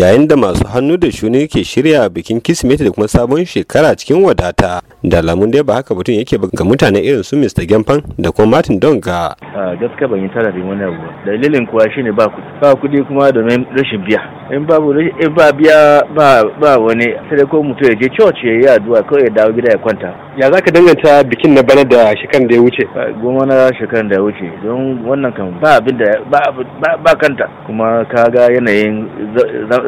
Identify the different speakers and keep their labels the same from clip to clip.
Speaker 1: yayin da masu hannu da shuni ke shirya bikin kismeti da kuma sabon shekara cikin wadata da lamun dai ba haka batun yake ga mutane irin su Mr. Gemfan da kuma Martin Donga.
Speaker 2: gaskiya ban yi tanadin wani abu dalilin kuwa shine ba kuɗi ba kuɗi kuma domin rashin biya in babu in ba biya ba ba wani sai ko mutum ya je church ya yi addu'a ko ya dawo gida ya kwanta ya za ka danganta bikin na bana da shekaran da ya wuce goma na shekaran da ya wuce don wannan kan ba abin da ba kanta kuma ka ga yanayin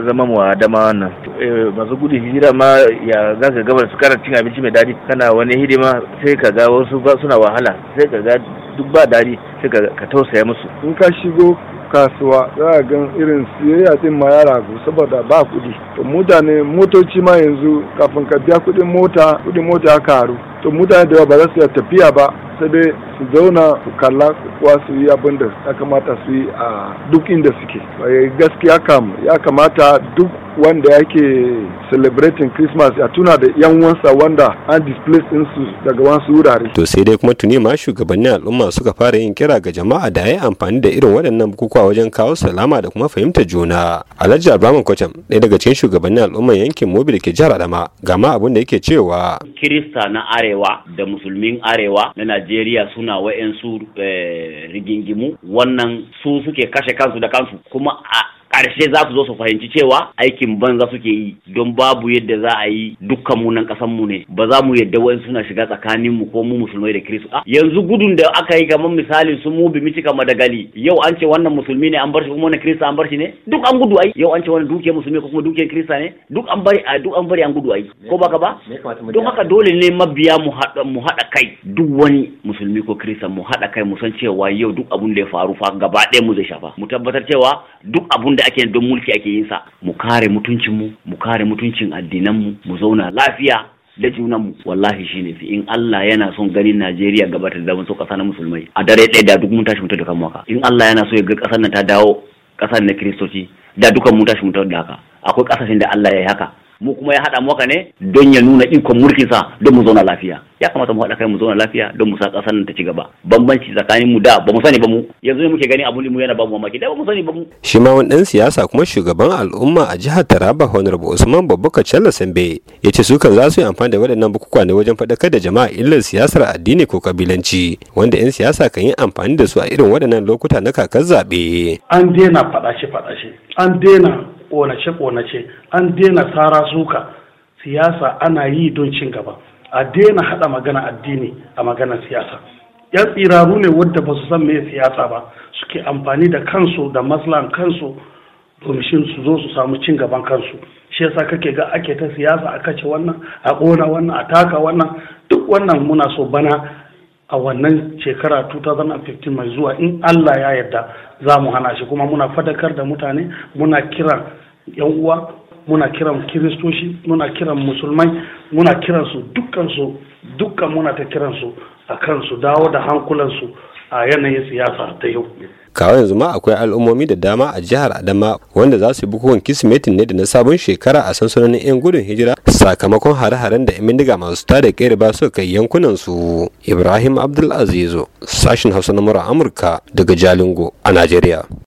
Speaker 2: zama mu adama wannan eh, masu gudun hijira ma ya za ka gabar su kara cin abinci mai dadi kana wani hidima sai ka ga wasu suna wahala sai ka ga duk ba daɗi sai ka tausaya musu
Speaker 3: in ka shigo kasuwa za a gan irin siyayya din ma ya ragu saboda ba kudi to mutane motoci ma yanzu kafin ka biya kuɗin mota kuɗin mota ya karu to mutane da yawa ba za su tafiya ba sai dai su zauna su kalla kuwa su yi abin da ya kamata su yi a duk inda suke eh, gaskiya kam ya kamata duk wanda yake celebrating christmas ya tuna da yan wansa wanda an displace su
Speaker 1: daga wasu wurare to sai dai kuma tuni ma shugabannin al'umma suka fara yin kira ga jama'a da ya amfani da irin waɗannan bukukuwa wajen kawo salama da kuma fahimtar juna alhaji abraman kwacham ɗaya daga cikin shugabannin al'umma yankin mobil ke jihar adama ga ma abin da yake cewa kirista
Speaker 4: na are arewa da musulmin arewa na najeriya suna wa'yansu eh, rigingimu wannan su suke kashe kansu da kansu kuma a ƙarshe za su zo su fahimci cewa aikin banza suke yi don babu yadda za a yi dukkan mu nan ƙasan mu ne ba za mu yadda wani suna shiga tsakanin mu ko mu musulmai da kiristu ah, yanzu gudun da aka yi kamar misalin su mu bi kama madagali yau an ce wannan musulmi ne an bar shi kuma na kirista an bar shi ne duk an gudu ai yau an ce wannan dukiyar musulmi ko kuma dukiyar kirista ne duk an bari duk an bari an gudu ai ko baka ba don haka dole ne mabiya mu haɗa mu haɗa kai duk wani musulmi ko kirista mu haɗa kai mu san cewa yau duk abun da ya faru fa gaba ɗaya mu zai shafa mu tabbatar cewa duk abun da ake don mulki ake yin sa mu kare mutuncin mu mu kare mutuncin addinan mu mu zauna lafiya da junan mu wallahi shine fi in Allah yana son ganin Najeriya gaba ta zama so kasa na musulmai a dare ɗaya da duk mun tashi mutar da kanmu haka in Allah yana so ya ga kasar nan ta dawo kasar na kiristoci da dukan mun tashi mutar da haka akwai kasashen da Allah ya yi haka mu kuma ya haɗa mu haka ne don ya nuna ikon mulkinsa don mu zauna lafiya ya kamata mu haɗa kai mu zauna lafiya don mu sa ƙasar nan ta ci gaba bambanci tsakanin mu da ba mu sani ba mu yanzu ne muke gani abun mu yana ba mu mamaki da ba mu sani ba mu
Speaker 1: shi ma wani ɗan siyasa kuma shugaban al'umma a jihar Taraba Honorable Usman Babbaka Challa Sambe ya ce su kan za su yi amfani da waɗannan bukukuwa ne wajen faɗakar da jama'a illar siyasar addini ko kabilanci wanda 'yan siyasa kan yi amfani da su a irin waɗannan lokuta na kakar zaɓe.
Speaker 5: An daina faɗa shi an daina ƙonace-ƙonace an daina sara suka siyasa ana yi don cin gaba a daina haɗa magana addini a magana siyasa yan tsiraru ne wadda ba su san me siyasa ba suke amfani da kansu da maslan kansu domin su zo su samu cin gaban kansu shi yasa kake ga ake ta siyasa a kace wannan a ƙona wannan a taka wannan duk wannan muna so bana a wannan shekara 2015 mai zuwa in Allah ya yarda za mu hana shi kuma muna fadakar da mutane muna kiran yan uwa muna kiran kiristoci muna kiran musulmai muna kiran su dukkan su dukkan muna ta kiran su a kan su dawo da hankulansu a yanayin siyasa ta yau
Speaker 1: kawo yanzu ma akwai al'ummomi da dama a jihar adama wanda za su bukukuwan kismetin ne da na sabon shekara a sansanonin 'yan gudun hijira sakamakon hare-haren da 'yan bindiga masu da kere ba su kai yankunan su ibrahim abdulaziz sashin hausa na mura amurka daga jalingo a najeriya